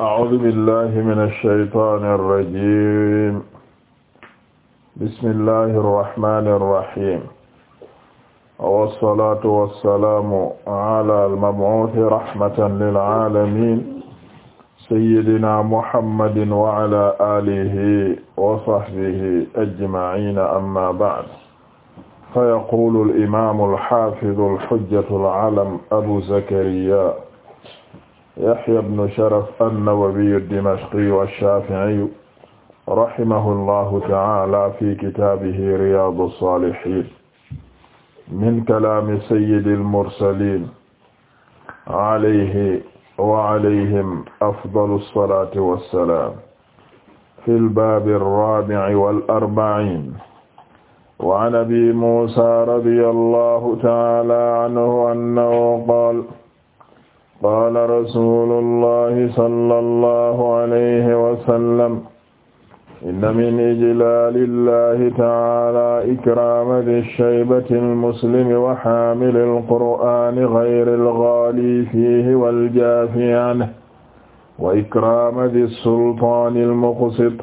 أعوذ بالله من الشيطان الرجيم بسم الله الرحمن الرحيم والصلاة والسلام على المبعوث رحمة للعالمين سيدنا محمد وعلى آله وصحبه أجمعين أما بعد فيقول الإمام الحافظ الحجة العلم أبو زكريا Yahya ibn Sharaf an-Nawawi ad-Dimashqi ash-Shafi'i rahimahullahu ta'ala fi kitaabihi Riyadus Salihin min kalaami sayyidil mursaliin alayhi wa alayhim afdalus salaati wassalaam fil baabi raabi'i wal arba'iin wa an Abi Muusaa radiyallahu ta'ala anhu annahu qaala qaala rasuulullahi sallallahu alayhi wa sallam inna min ijlaalillahi ta'aala ikraama di shaybati al-muslimi wa haamili al-qur'aani ghayri al-ghaali fiihi wal-jaafi anhu wa ikraama di sultaani al-muqsit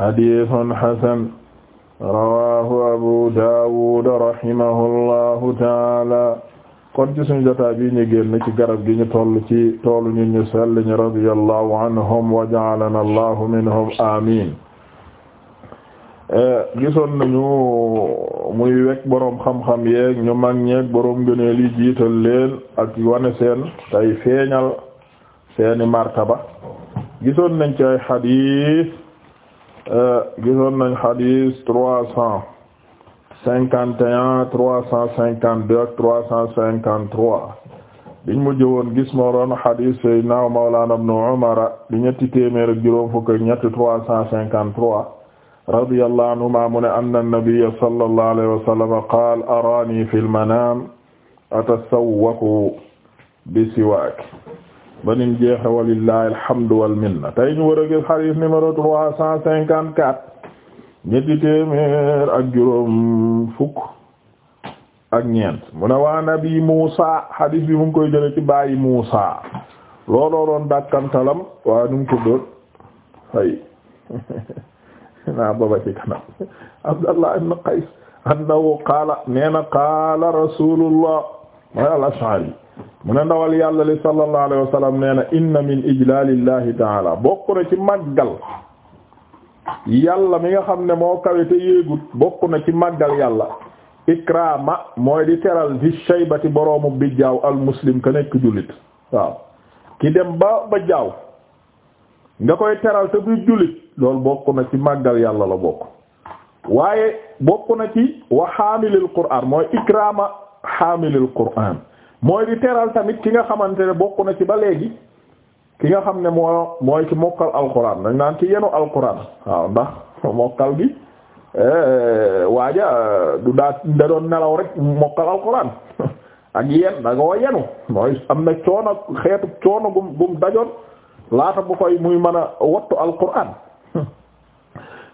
hadiisun hasan rawaahu abu daawuud rahimahullaahu ta'aala kon ci suñu jotaay bi ñu génn ci garab gi ñu toll ci toolu ñu ñu sell ñu radiyallahu anhum wa ja'alana allahu minhum amin gisoon nañu muy wekk boroom xam-xam yeeg ñu mag ñeeg boroom gëneel yi jiital leen ak wane seen tey feeñal seeni ba gisoon nañ ci ay xadiis gisoon nañ xadiis trois cents cinquante et un trois cent cinquante deux ak trois cent cinquante trois biñ mu jëwoon gis moo doon xadiis Seydina Mawlana Ibnu Umar di ñetti téeméer ak juróom fukk ak ñetti trois cent cinquante trois radiyallahu anhuma mu ne anna an-nabiyya sallallahu alayhi wa sallam qaala araani fil manaam atasawwaku bi siwaak banim jeexe walillahi alhamdu wal minna tey ñu war a gis xadiis numéro trois cent cinquante quatre ñetti téeméer ak juróom fukk ak ñeent mu ne waa nabi Muusa hadis bi mu ngi koy jële ci bàyyi Muusa looloo doon dàkkantalam waa nu mu ko doon fay naa baba ci kanam Abdallah ibn Qays annahu qaala neena qaala rasulullah mooy al-Ash'ari mu ne ndawal yàlla li sallallahu inna min ijlalillahi ta'ala bokk na ci màggal yàlla mi nga xam ne moo kawe te yéegut bokk na ci màggal yàlla ikraama mooy di teral fi shaybati boroomu bijjaaw al ka nekk jullit waaw ki dem ba ba jaaw nga koy teral te du jullit bokk na ci màggal yàlla la bokk waaye bokk na ci wa xaamilil qur'aan mooy ikraama xaamilil qur'aan mooy di teral tamit ki nga xamante ne bokk na ci ba léegi ki nga xam ne moo mooy ci mokkal alquran dañ naan ci yenu alquran waaw ndax mokkal bi eh, waaja du daa da doon nelaw rek mokkal alquran ak yen da ngoo yenu mooy am na coono xeetu coono gum gum dajoon laata bu koy muy mën a wattu alquran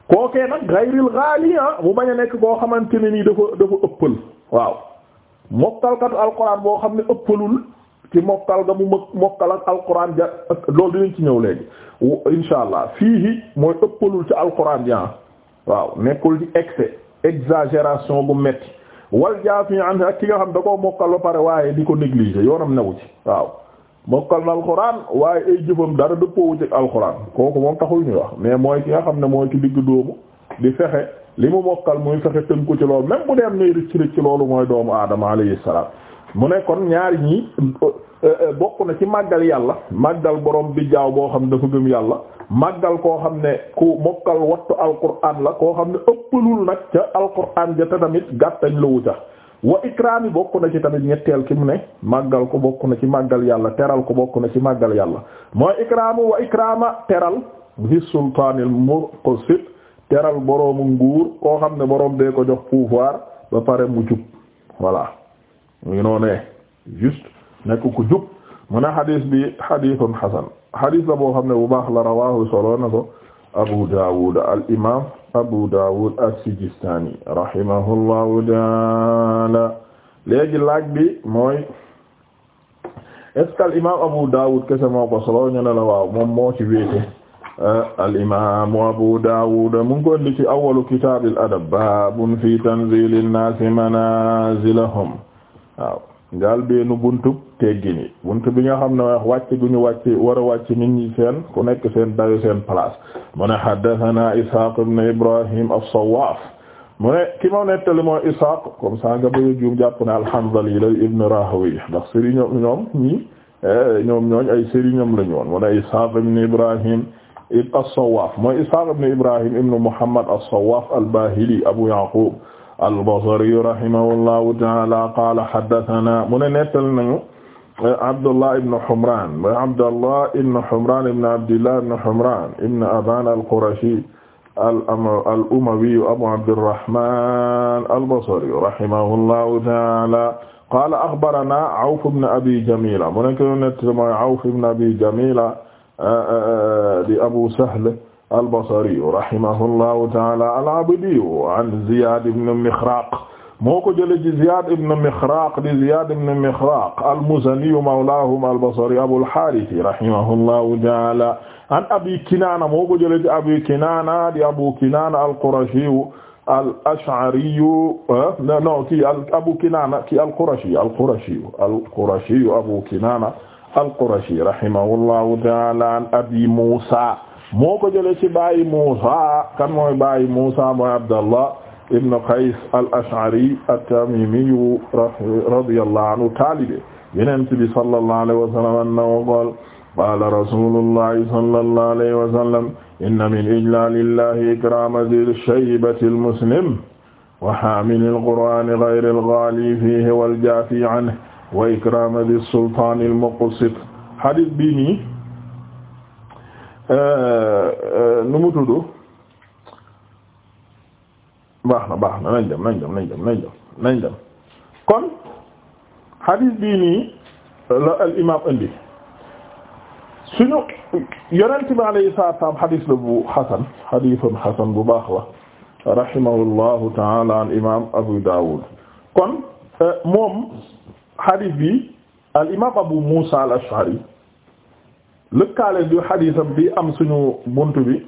kookee nag gayril gaali ah, mu bañ a nekk koo xamante ne nii dafa dafa ëppal waaw mokkalkatu alquran boo xam ne ëppalul ci mokkal nga mu mokkal ak alquran ja loolu dinañ ci ñëw léegi insha allah fii mooy ëppalul ci alquran ja ah. waaw nekkul ci excès exagération bu metti wal jaafi an ak ki nga xam da koo mokkal ba pare waaye di ko négliger yoonam newu ci waaw mokkal na alquran waaye ay jëfam dara dëppoowu ci alquran kooku moom taxul ñu wax mais mooy ki nga xam ne mooy ci digg dóomu di fexe li mu mokkal muy fexe tënku ci loolu même bu dee am nay rëcc doomu aadama alayhi salaam mu ne kon ñaari ñi euh, euh, bokk na ci màggal yàlla màggal borom bi jaaw boo xam ne dafa gëm yàlla màggal koo xam ne ku mokkal wattu alquran la koo xam ne ëppalul nag ca alquran ja te tamit gàttañ la wuta wa ikraami bokk na ci tamit ñetteel ki mu ne màggal ko bokk na ci màggal yàlla teral ko bokk na ci màggal yàlla mooy ikraamu wa ikraama teral fi sultaanil muqsit teral boroomu nguur koo xam ne borom bee ko jox pouvoir ba pare mu jub voilà mu ngi noonee juste nekk mu ne xadis bi xadisun xasan boo xam ne bu baax la rawahu solo na ko Abu Dawud al imam Abu Dawud as-Sijistani rahimahullahu taala léegi laaj bi mooy est-ce que al imam Abu Dawud kese moo ko solo ñu ne la moo ci wéete al imam Abu Dawud mu ngi ko indi ci awwalu kitaabil adab baabun fi tanzilin naasi manazilahum waaw njaal beenu buntu teggin yi buntu bi nga xam ne wax wàcc gu ñu wàcc war a wàcc nit ñi seen ku nekk seen dayo seen place mu ne haddathana ishaq ibn ibrahim as-sawwaf mu ne ki ma nettali moo ishaq comme ça nga bëgg juum jàpp ne al-hanzali la ibn rahawi ndax sëriñ ñoom ñi eh, ñoom ñooñ ay sëriñam lañu woon mu ne ishaq ibn ibrahim as-sawwaf mooy ishaq ibn ibrahim ibn muhammad as-sawwaf al-bahili abu yaqub al-Basri rahimahullahu ta'ala qaala haddathana mu ne nettal nañu eh, Abdullah ibn Humran wa Abdullah ibn Humran ibn Abdillah ibn Humran ibn Aban al-Qurashi al-Umawi Abu Abdirrahman al-Basri rahimahullahu ta'ala qaala akhbarana Awf ibn Abi Jamila mu ne ko nettal mooy Awf ibn Abi Jamila eh, eh, di Abu Sahl al-Basri rahimahullahu ta'ala al-Abdi an Ziyad ibn Mikhraq moo ko jëlee ci Ziyad ibn Mikhraq di Ziyad ibn Mikhraq al-Muzani mawlahum al-Basri Abul Harith rahimahullahu ta'ala an Abi Kinana moo ko jëlee ci Abi Kinana di Abu Kinana al-Qurashi al-Ash'ari eh, non kii Abu Kinana kii al-Qurashi al-Qurashi al-Qurashi Abu Kinana al-Qurashi rahimahullahu ta'ala an Abi Musa moo ko jëlee ci baayu Muusa kan mooy baayu Muusa mooy Abdallah ibn Qays al-Ash'ari at-Tamimi radiyallahu anhu taalibe Yonent bi sallallahu alayhi wa sallam annahu qaala qaala rasuulullahi sallallahu alayhi wa sallam inna min ijlaalillahi ikraama dhil shaybati al-muslim wa haamilil qur'aani ghayril ghaali fiihi wal jaafi anhu wa ikraama dhis sultaanil muqsit hadith bi nii Euh, euh, nu mu tudd baax na baax na nañ dem nañ dem nañ dem nañ dem nañ dem kon hadith bii nii euh, la al imaam indi suñu yonent bi alayhi salaatu salaam hadith la bu hasan hadithun hasan bu baax la rahimahullahu ta'ala al imaam Abu Dawud kon moom hadith bi al imaam Abu Musa al-Ash'ari lëkkaale bi xadiisam bi am suñu bunt bi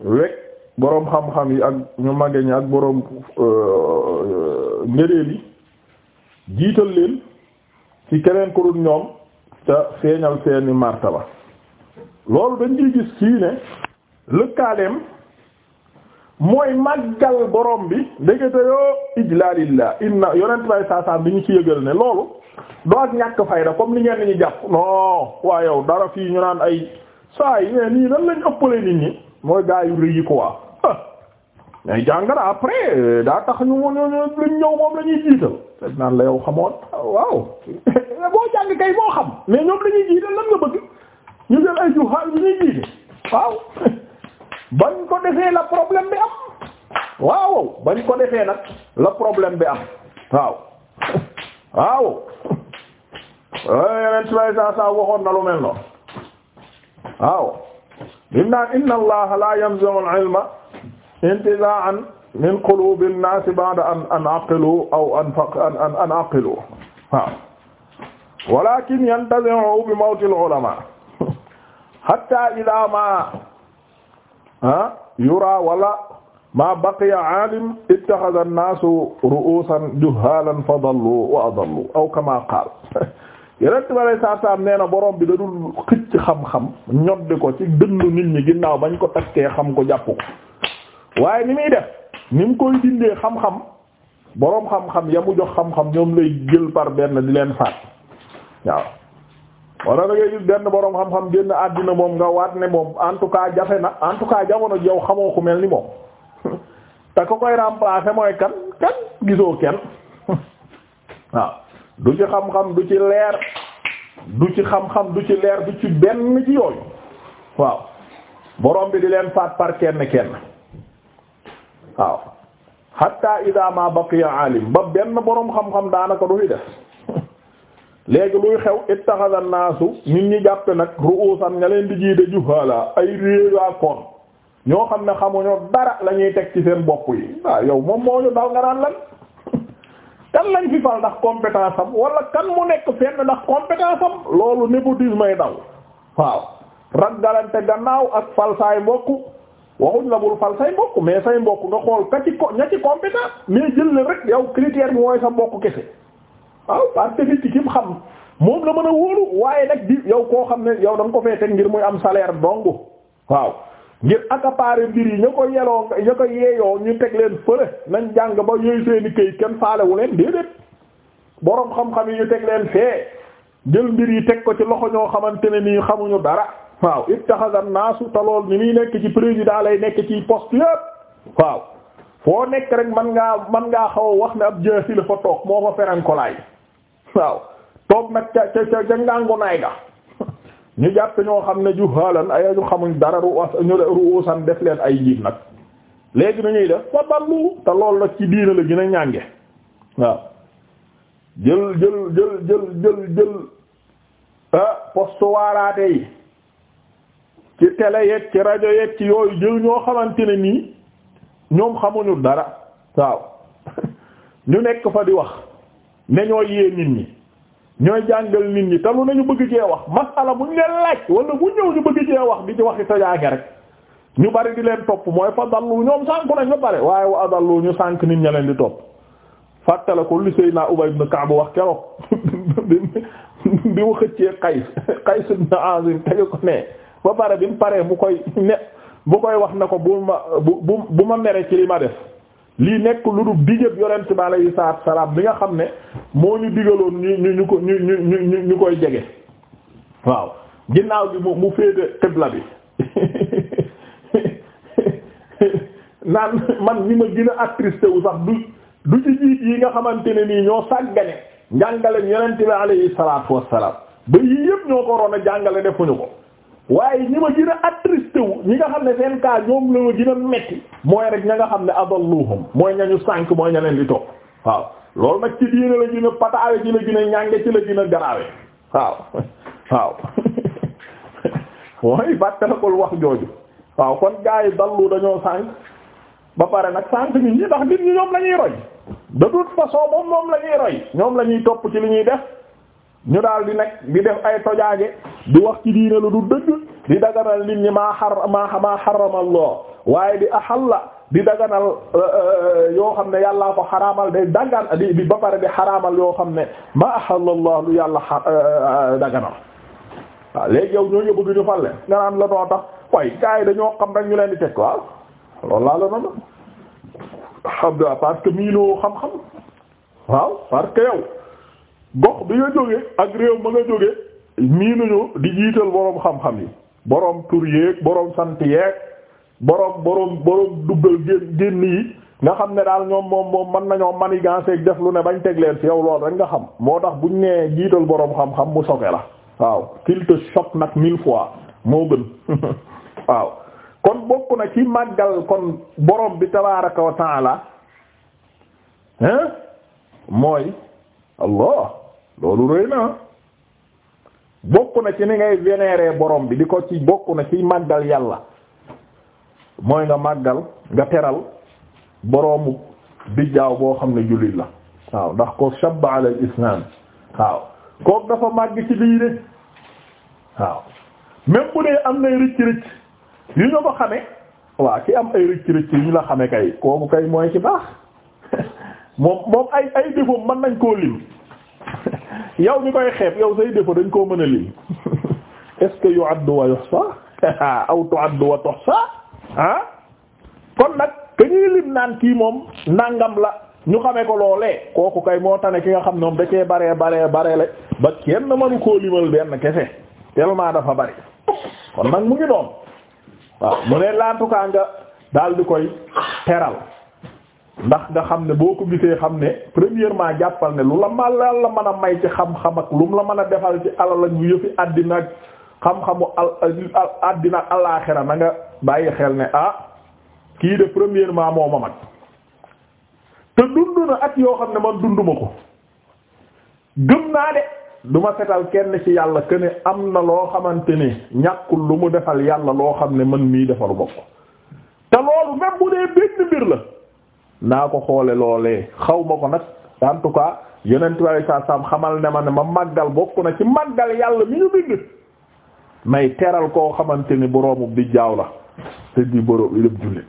wekk boroom xam-xam yi ak ñu màgge ñi ak boroom euh, euh, ngëneel yi jiital leen ci keneen ku ñoom te feeñal seeni martaba loolu dañ ciy gis fii ne lëkkaaleem mooy màggal borom bi ndekete yoo ijlalillah inna yonent bay saasaan bi ñu ci yëgal ne loolu doo ak ñàkk fayda comme ni ngeen ñu jàpp non waa yow dara fii ñu naan ay saa yi mais nii nan lañ ëppale nit ñi mooy gaa yu rëy yi quoi mais jàngara après daa tax ñu ñëw moom la ñuy jiital dañ naan la yow xamoon waaw boo jàng kay moo xam mais ñoom la ñuy jiital lan bëgg ñu jël ay juhaal bi ñuy jiite waaw bañ ko defee la problème bi am waaw bañ ko defee nag la problème bi am waaw waaw yeneen trois cent cent waxoon na lu mel noonu waaw inna inna allaha la yanzi'u al-ilma intiza'an min qulubi an-nas ba'da an an aqilu aw an faq an an aqilu waaw walakin yantazi'u bi mawti al-ulama hatta ila ma ah yura wala ma baqiya aalim ittaxada annaasu juhaalan fa dallu wa adallu aw kama qaal yeneen tubaab saa saa nee na borom bi da dul xëcc xam-xam ñoddi ko ci dënnu nit ñi ginnaaw bañ ko takkee xam ko jàpp ko waaye ni muy def ni mu koy dindee xam-xam borom xam-xam ya mu jox xam-xam ñoom lay jël par benn di leen faat waaw wala da ngay benn borom xam-xam génn àddina moom nga waat ne moom en tout cas jafe na en tout cas jamono yow xamoo ku mel ni moom te ko koy remplacer mooy kan kan gisoo kenn waaw du ci xam-xam du ci leer du ci xam du ci leer du ci benn ci yooyu waaw borom bi di leen faat par kenn kenn waaw hatta ida ma baqiya alim ba benn borom xam-xam daanaka du fi def léegi luy xew ittaxada naasu nit ñi jàppe nag ru'usan nga leen di jiite juhala ay réewaakoon ñoo xam ne xamuñu dara la ñuy teg ci seen bopp yi waaw yow moom moo ñu dal nga naan lan kan lañ fi fal ndax compétence am wala kan mu nekk fenn ndax compétence am loolu népotisme ay daw waaw raggalante gannaaw ak fal saay mbokk waxuñ la bul say mbokk mais say mbokk nga xool ka ci ña ci compétence mais jël rek yow critère bi mooy sa mbokk kese waaw parce que nit ki kim xam moom la mën a wóolu waaye nag di yow koo xam ne yow da nga ko fee teg ngir muy am salaire dong waaw ngir accaparer mbir yi ña ko yeloo ña ko yeeyoo ñu teg leen fële nañ jàng ba yooyu seeni këy kenn faalewu leen déedéet boroom xam-xam yi ñu teg leen fee jël mbir yi teg ko ci loxo ñoo xamante ne nii xamuñu dara waaw ittaxasa naasu te lool ni muy nekk ci président lay nekk ci poste yépp waaw foo nekk rek man ngaa man ngaa xaw a wax ne ab jaahil fa toog moo fa ferenkolaay waaw toog nag ca ca ca ca ngangu naay ñu jàpp ñoo xam ne juhaalan ay ñu xamuñ dara ruñu ruusan def leen ay njiit nag léegi nu def fa ballu te loolu nag ci diina la gën a ñànge waaw jël jël jël jël jël jël ah poste yi ci télé yeeg ci rajo yeeg ci yooyu jël ñoo xamante ne nii ñoom xamuñu dara waaw ñu nekk fa di wax ne ñoo yee nit ñi ñooy jàngal nit ñi talu nañu bëgg cee wax masala bu ñu leen laaj wala bu ñëw ñu bëgg cee wax di ci waxi tojaage rek ñu bari di leen topp mooy fa dallu ñoom sànku nañ ba pare waaye wa adallu ñu sànk nit ña leen di topp fàttale ko li Seydina Ubay kaa bu wax keroog bi mu xëccee Qays Qays ibn Azim tegu ko ne ba pare bi mu paree bu koy ne bu koy wax na ko bu ma bu bu ma mere ci li ma def lii nekk lu dul digëb yonent bi alayhi salaatu salaam bi nga xam ne moo ñu digaloon ñu ñu ñu ko ñu ñu ñu ñu koy jege waaw ginnaaw bi mu mu féete xibla bi naan man ñi ma gën a attristé wu sax du du ci jiit yi nga xamante ne nii ñoo sàggane njàngale yonent bi alayhi salaatu wassalaam ba yii yëpp ñoo ko waroon a jàngale defuñu ko waaye ñi ma gën a ñi nga xam ne seen cas ñoom la ma gën a metti mooy rek ña nga xam ne adalluhum mooy ñañu sànk mooy ña leen di topp waaw loolu nag ci diine la gën a pataawe ci la gën a ñànge ci la gën a garaawe waaw waaw mooy bàttalakol wax jooju waaw kon gars yi dallu dañoo sànk ba pare nag sànk nit ñi ndax nit ñi ñoom la ñuy roy de façon moom moom la ñuy roy ñoom la ñuy topp ci li ñuy def ñu daal di nag di def ay tojaange di wax ci diine lu du dëgg di daganal nit ñi maa xar maa maa xarama Allah waaye di la di daganal euh, euh, yoo xam ne yàllaa ko xaramal day dagan di ba pare di xaraamal yoo xam ne maa ahalla Allah lu yàlla euh, daganal waaw léegi yow ñoo ñëw bëgg ñu falle nga naan la noo tax waaye gars yi dañoo xam rek ñu leen di teg waaw loolu laa la noonu alhamdulilah miinoo xam-xam waaw parce yow gox bi nga jógee ak réew ma nga jógee miinuñu di jiital boroom xam-xam yi boroom tur boroom sant yeeg boroom boroom boroom duggal génn génn yi nga xam ne daal ñoom moom moom mën nañoo maniganceeg def lu ne bañ teg leen ci yow lool rek nga xam moo tax bu ñu nee jiital boroom xam-xam mu soge la waaw qu'il te nag mille fois moo gën waaw kon bokk na ci màggal kon boroom bi tabaraka wa la hein mooy allah loolu rëy na bokk na ci ni ngay vénérer borom bi di ko ci bokk na ci màggal yàlla mooy nga màggal nga teral boroomu bijjaaw boo xam ne jullit la waaw ndax ko shabba ala islam waaw kooku dafa màgg ci lii de waaw même bu dee am nay rëcc rëcc yu ñu ko xame waaw ki am ay rëcc rëcc yu ñu la xame kay kooku kay mooy ci baax moom moom ay ay défaut mën nañ koo lim yow mi koy xeeb yow say défaut dañ koo mën a lim est-ce que yu'addu wa yuhsa aw ah kon nag ka ñuy lim naan kii moom nangam la ñu xamee ko loolee kooku kay moo tane ki nga xam ne moom da cee baree baree baree la ba kenn mënu koo limal benn kese tellement dafa bari kon nag mu ngi doon waaw mu ne laatukaa nga daal di koy teral ndax nga xam ne boo ko gisee xam ne premièrement jàppal ne lu la ma la man a may ci xam-xam ak lu mu la mën a defal ci alal ak ñu yëfi àddina ak xam-xamu al àddina ak alaaxira na bàyyi xel ne ah kii de premièrement moo ma te dund na at yoo xam ne man dunduma ko gëm naa de du ma setal kenn ci yàlla que am na loo xamante ne ñàkkul lu mu defal yàlla loo xam ne man mii defal bokk te loolu même bu dee benn mbir la. naa ko xoole loolee xaw ma ko nag en tout cas yonent xamal ne ma ne ma màggal bokk na ci màggal yàlla mi ñu bind may teral koo xamante ni boroomu bi jaaw la te di boroom lépp jullit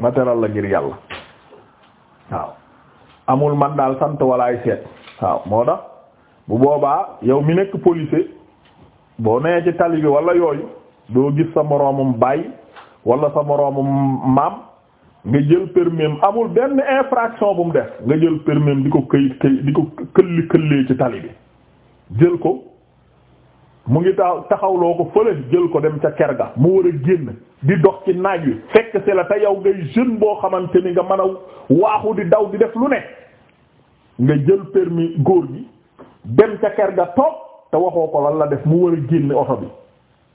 ma teral la ngir yàlla waaw amul man daal sant walaay seet waaw moo tax bu boobaa yow mi nekk policier boo nee ci tali bi wala yooyu doo gis sa moroomum baay wala sa moroomum maam nga jël permis amul benn infraction bu mu def nga jël permis di ko këy këy di ko këlli këllee ci tali bi jël ko mu ngi taxaw taxawloo ko fële jël ko dem ca ker ga mu war a génn di dox ci naaj wi fekk si la te yow ngay jeune boo xamante ni nga mën a waaxu di daw di def lu ne nga jël permis góor gi dem ca ker ga toog te waxoo ko lan la def mu war a génn oto bi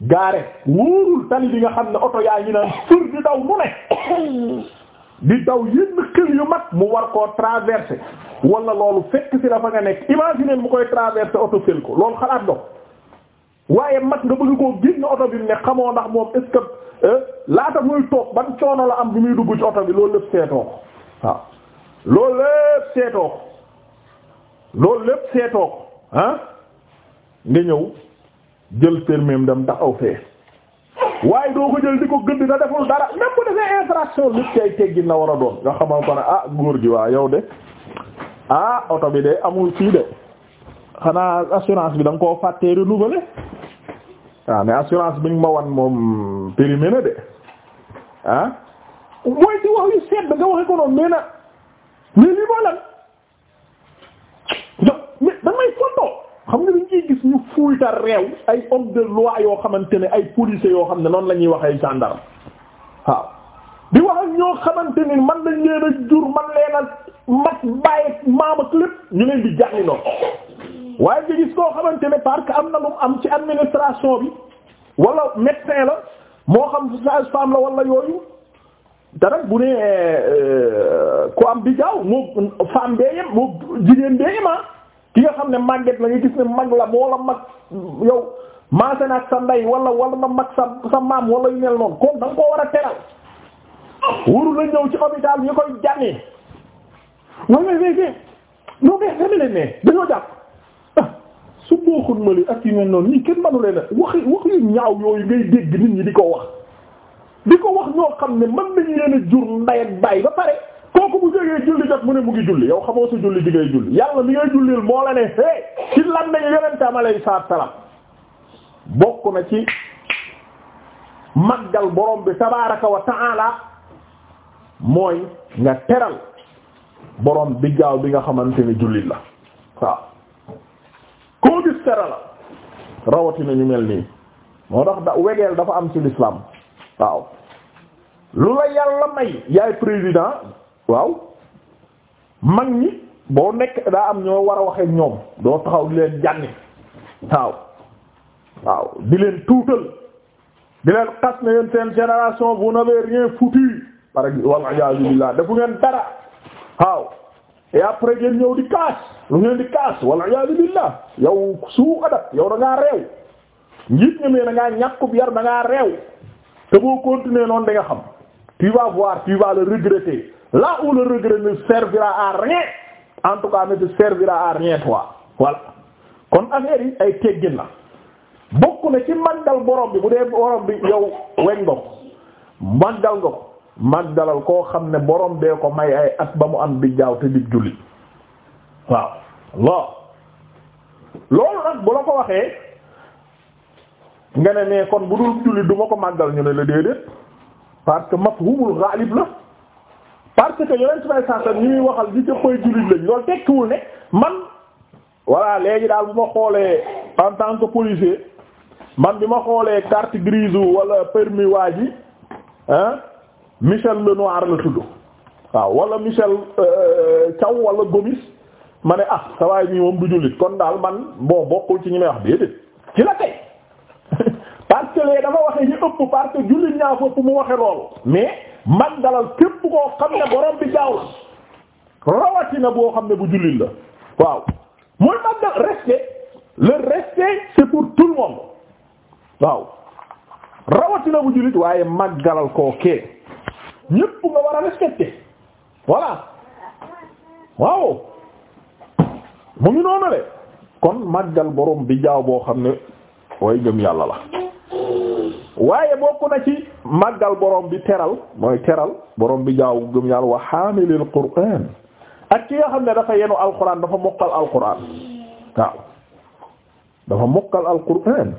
gaare wóorul tali bi nga xam ne oto yaa ngi naan fër di daw mu ne di daw yenn kër yu mag mu war koo traverser wala loolu fekk ci la fa nga nekk imaginer mu koy traverser oto fël ko loolu xalaat do waaye mag nga bëgg koo génn oto bi ne xamoo ndax moom est-ce que euh, laata muy toog ban coono la am bi muy dugg ci oto bi loolu lépp seetoo ko waaw loolu lépp seetoo ko loolu lépp seetoo ko ah nga ñëw jël permis dem taxaw fee waaye doo ko jël di ko gëdd na deful dara même bu defee infraction lépp kay teggin na war a doon nga xamal ko ne ah góor gi waa yow de ah oto bi de amul fii de xanaa assurance bi da nga koo fàttee renouveler waaw assurance bi nga ma wan moom périmé na de ah mooy ci wax yu sedd nga waxe ko noonu mais nag mais lii moo xam nga dañ ciy gis ñu fuulta réew ay homme de loi yoo xamante ne ay policiers yoo xam ne noonu la ñuy wax ay gendarme waaw di wax ak ñoo xamante ni man lañ leen a jur man leen a mat bàyyi maam ak lépp ñu leen di jàngi noonu waaye nga gis koo xamante ne parce am na lu am ci administration bi wala médecin la moo xam sage-femme la wala yooyu te bu ne euh, ku am bi jaaw moo femme bee yem moo jigéen bee yem ah. ki nga xam ne màgget la nga gis ne mag la moo la mag yow maase sa ndey wala wala na mag sa sa maam wala yu mel noonu kooku da nga war a teral waru la ñëw ci hôpital ñu koy jànnee ah, ma li ak yu mel noonu ñii kenn manu leen wax wax yu ñaaw yooyu ngay dégg nit ñi di ko wax di ko wax ñoo xam ne mën nañu leen a jur ndey baay ba pare. kooku bu jógee julli jot mu ne mu ngi julli yow xamoo sa julli di ngay julli yàlla mi ngay jullil moo la ne hé ci lan nañu yonentam alayhi salaam bokk na ci maggal borom bi tabaaraka wa mooy nga teral bi gaaw bi nga xamante ni jullit la waaw koo gis teral la rawatina ñu mel nii moo tax da wegeel dafa am ci l'islam waaw lu la yàlla may yaay président waaw mag ñi boo nekk daa am ñoo war a waxee ñoom doo taxaw di leen jànni waaw waaw di leen tuutal di leen xas ne yéen seen génération vous n'avez rien foutu par exemple wal billah defu ngeen dara waaw et après ngeen ñëw di kaas lu ngeen di kaas wal iyaazu billah yow suu adab yow da ngaa njiit nga mais da yar da reew réew te boo continuer noonu da nga xam tu vas voir tu vas le regretter laa où le regret ne servira à rien en tout cas ne te servira à rien toi voilà kon affaire ay teggin la bokk na ci màggal boroom bi bu dee borom bi yow weñ nga ko màggal koo xam ne boroom bee ko may ay at ba mu am bi jaaw te di julli waaw loolu nag bu la ko waxee nga ne kon bu dul julli du ma ko màggal ñu ne la déedéet parce que mafhumul ghalib la parce que yonent bi sallallahu alayhi wasallam ñu ñuy waxal li jëppay jullit lañ loolu tekkiwul ne man voilà léegi daal bu ma xoolee en tant que policier man bi ma xoolee carte grise wala permis waa ji ah Michel Lenoir la tudd waaw wala Michel euh, Thiaw wala Gomis ma ne ah sa waay ñi moom du jullit kon daal man bon bokkul ci ñi may wax déedéet ci la tey parce que dafa waxe ñu ëpp parce que jullit ñaa fopp mu waxe loolu mais man dalal képp koo xam ne borom bi gaaw rawatina boo xam ne bu jullit la waaw mooy màggal respect le respect c'est pour tout le waaw rawatina bu jullit waaye màggalal koo kee ñépp nga war a respecter voilà waaw mu ngi noonu le kon màggal borom bi jaaw boo xam ne way gëm yàlla la waaye bokk na ci màggal borom bi teral mooy teral borom bi jaaw gëm yàlla wa xaamilil qur'aan ak ki nga xam ne dafa yenu alquran dafa mokkal alquran waaw dafa mokkal alquran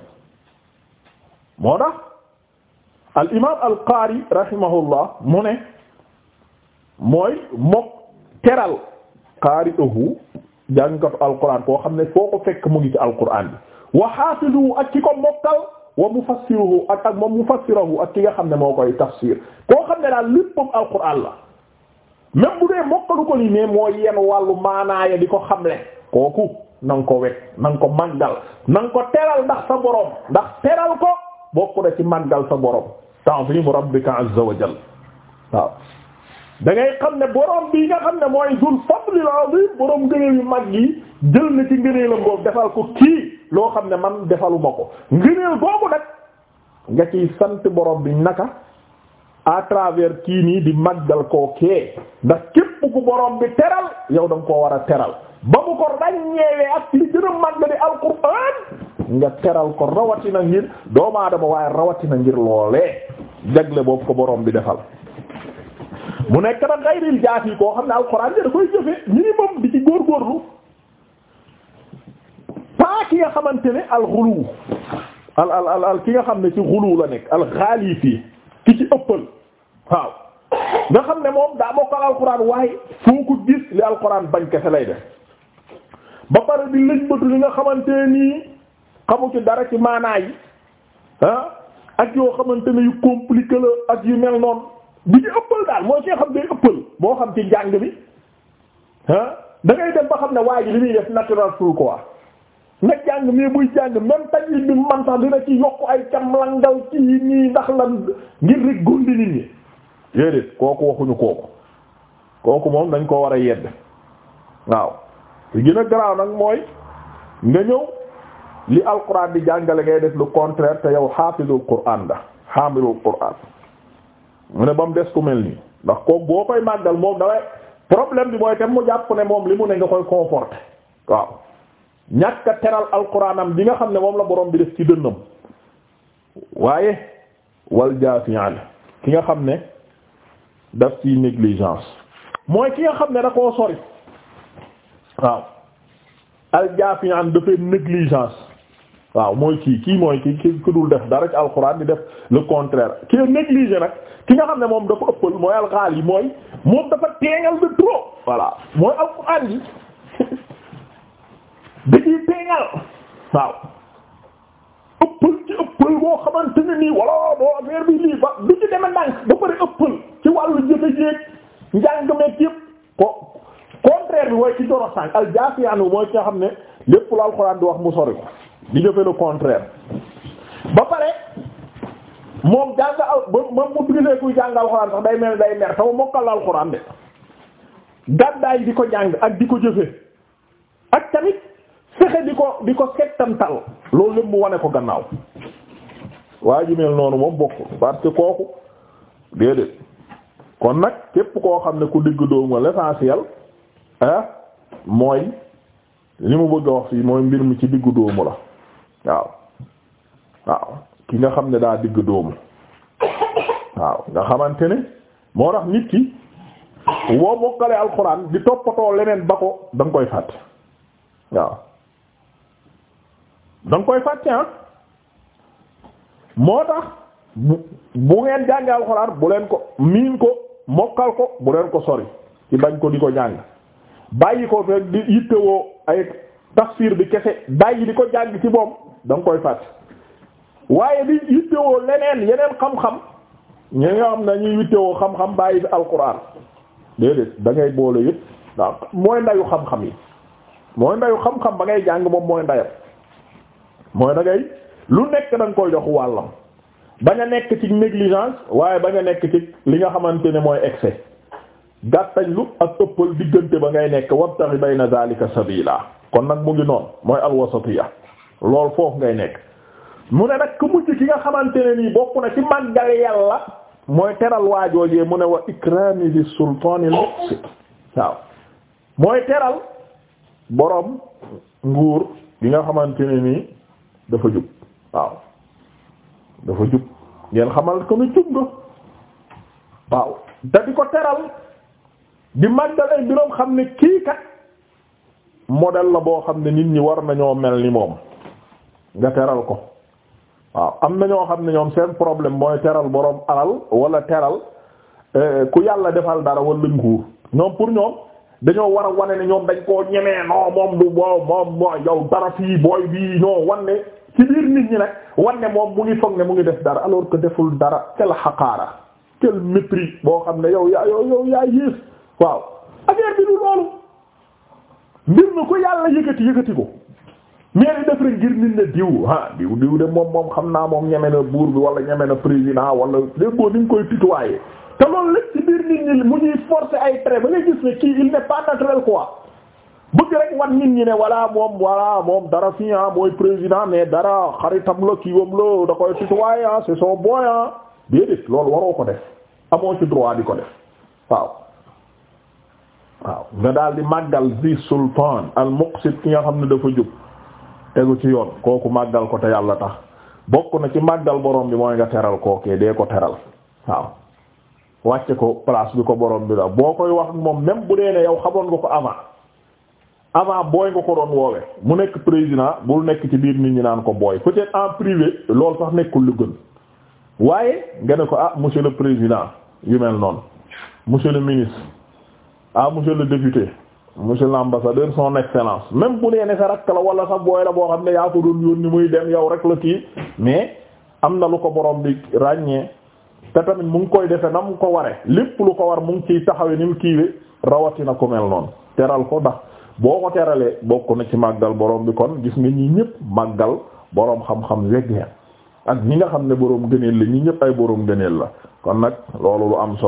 moo tax al imaam al qaari rahimahullah mu ne mooy mokk teral qaari uhu jàngkatu alquran koo xam ne foo ko fekk mu ngi ci alquran bi wa xaafidu ak ko mokkal wa mufassiruhu ak ak moom mufassiruhu ak ki nga xam ne moo koy tafsir koo xam ne daal léppam alquran la même bu dee mokkalu ko ni mais moo yenn wàllu maanaaya di ko xamle kooku na ko wet na ko màggal na nga ko teral ndax sa borom ndax teral ko bokku da ci màggal sa borom ta'zimu rabbika azza wa jalla waaw da ngay xam ne borom bi nga xam ne mooy zul fadlil azim borom ngëneel yu mag yi jël na ci ngëneelam boobu defal ko kii loo xam ne man defaluma ko ngëneel boobu nag nga ci sant borom bi naka à travers kii nii di maggal koo kee ndax képp ku borom bi teral yow da nga koo war a teral ba mu ko ràññeewee ak li gën a màgg di alquran nga teral ko rawatina ngir doomu aadama waaye rawatina ngir loolee jagle boobu ko borom bi defal mu nekk nag gayril jaat koo xam ne alquran da koy jëfe minimum di ci góorgóorlu xanaa ki nga xamante ne al xulu al al al ki nga xam ne ci xulu la nekk al xaali fii ki ci ëppal waaw nga xam ne moom daa bokkal alquran waaye foo ko gis li alquran bañ kese lay def ba pare di lëñbëtu li nga xamante nii xamu ci dara ci maanaa yi ah ak yoo xamante ni yu compliqué la ak yu mel noonu bi ñu ëppal daal moo ci xam day ëppal boo xam ci njàng bi ah da ngay dem ba xam ne waa ji li muy def natural sur quoi na jàng mais buy jàng même tajwid bi man sax dina ci yokk ay cam langal ci nii ndax lan ngir rek gundi nit ñi déedéet kooku waxuñu kooku kooku moom dañ ko war a yedd waaw li gën a garaaw nag mooy nga ñëw li alquran di jàngale ngay def lu contraire te yow xaafizul quran da xaamilul quran mu ne ba mu des ku mel nii ndax kooku boo koy màggal moom daway problème bi mooy tam mu jàpp ne moom li mu ne nga koy conforter waaw ñàkk a teral alquranam bi nga xam ne moom la borom bi def ci dënnam waaye wal jaafi'an ki nga xam ne daf ci négligence mooy ki nga xam ne da koo sori waaw al jaafi'an dafay négligence waaw mooy kii kii mooy ki ki dul def dara ci alquran di def le contraire ki négligé nag ki nga xam ne moom dafa ëppal mooy alxaal yi mooy moom dafa teeŋal de trop voilà mooy alquran yi waaw ëppal ci ëppal boo xamante ne nii wala boo affaire bi lii ba bi ci deme ndànk ba pare ëppal ci wàllu jëfe-jéeg njàng meek yëpp contraire bi mooy ci joro sànq al jaafiyaanu mooy ci xam ne lépp lu alxuraan di wax mu sori ko di jëfe le contraire ba pare moom jàng al ba moom mu digalee kuy jàng alxuraan sax day mel day mer sama mokkal alxuraan de gàddaay di ko jàng ak di ko jëfe ak tamit fexe di ko di ko settantal loolu lépp mu wane ko gannaaw waa ji mel noonu moom bokk parce que kooku déedéet kon nag képp koo xam ne ku digg dóomu mooy li bëgg a wax fii mooy mbir mi ci diggu dóomu la waaw waaw ki nga xam ne daa digg dóomu waaw nga xamante ne moo tax nit ki boo bokkale alxuraan di toppatoo leneen ba ko da koy fàtt waaw da koy fàtte ah moo tax bu ngeen jàngee alxuraan bu leen ko miin ko mokkal ko bu leen ko sori ci bañ ko di ko jàng bàyyi ko fekk di yittewoo ay tafsir bi kese bàyyi di ko jàng ci moom da koy fàtte waaye di yittewoo leneen yeneen xam-xam ñi nga xam ne ñuy yittewoo xam-xam bàyyi bi alxuraan déedéet da ngay boole yëpp mooy ndayu yi mooy ndayu xam-xam ba ngay jàng moom mooy ndayam mooy da ngay lu nekk da nga koy jox wàllam bañ a nekk ci négligence waaye ba nga nekk ci li nga xamante ne mooy excès gàttañ lu ak ëppal diggante ba ngay nekk wabtaxi bayna zalika sabila kon nag mu ngi noonu mooy alwasatiya lool foofu ngay nekk mu ne nag ku mujj ki nga xamante ne nii bokk na ci màggal yàlla mooy teral waajoojee mu ne wa ikrami di sultanil muqsit waaw mooy teral boroom nguur gi nga xamante ne nii dafa jub waaw dafa jub ngeen xamal ko nu jub nga waaw da di ko teral di màggal ay mbiroom xam ne kii kat modèle la boo xam ne nit ñi war nañoo mel ni moom nga teral ko waaw am na ñoo xam ne ñoom seen problème mooy teral boroom alal wala teral eh, ku yàlla defal dara wala nguur ñoom pour ñoom dañoo war a wane ne ñoom dañ koo ñemee non moom du bo moom yow dara fii booy bii ñoo wane ci biir nit ñi nag wan ne moom mu ngi foog ne mu ngi def dara alors que deful dara tel xaqaara tel mépris boo xam ne yow yaa yow yow yaa yées waaw affaire bi du loolu mbir mi ko yàlla yëkkati yëkkati ko mais di def rek ngir nit ne diw ah diw diw de moom moom xam naa moom ñeme na buur bi wala ñeme na président wala lépp boo ni ñu koy tutoyer te loolu lépp ci biir nit ñi mu ñuy forcer ay traits ba nga gis ne kii il n'est pas naturel quoi. bëgg rek wan nit ñi ne voilà moom voilà moom dara fii ah mooy président mais dara xaritam la kii wam la da koy tutoyer ah c'est ah. ko def ci droit ko def nga daal di màggal di sultan al ki nga xam ne dafa jub tegu ci yoon kooku màggal ko te yàlla tax bokk na ci màggal borom bi mooy nga teral kookee dee ko teral waaw wàcce ko place bi ko borom bi la boo koy wax moom même bu dee ne yow xamoon nga ko amaa avant booy nga ko doon woowe mu nekk président bul nekk ci biir nit ñi naan ko booy peut en privé loolu sax nekkul lu gën waaye nga ne ko ah monsieur le président yu mel noonu monsieur le ministre ah monsieur le député monsieur l'ambassadeur son excellence même bu nee ne sa rakk la wala sa booy la boo xam ne yaa ko doon yónni muy dem yow rek la kii mais am na lu ko borom bi ràññee te tamit mu ngi koy defe na mu ko ware lépp lu ko war mu ngi ciy taxawe ni mu rawatina ku mel ko ndax boo ko teralee bokk na ci màggal boroom bi kon gis nga ñi ñëpp màggal boroom xam-xam yegg ak ñi nga xam ne borom gëneel la ñi ñëpp ay borom gëneel la kon nag loolu lu am solo.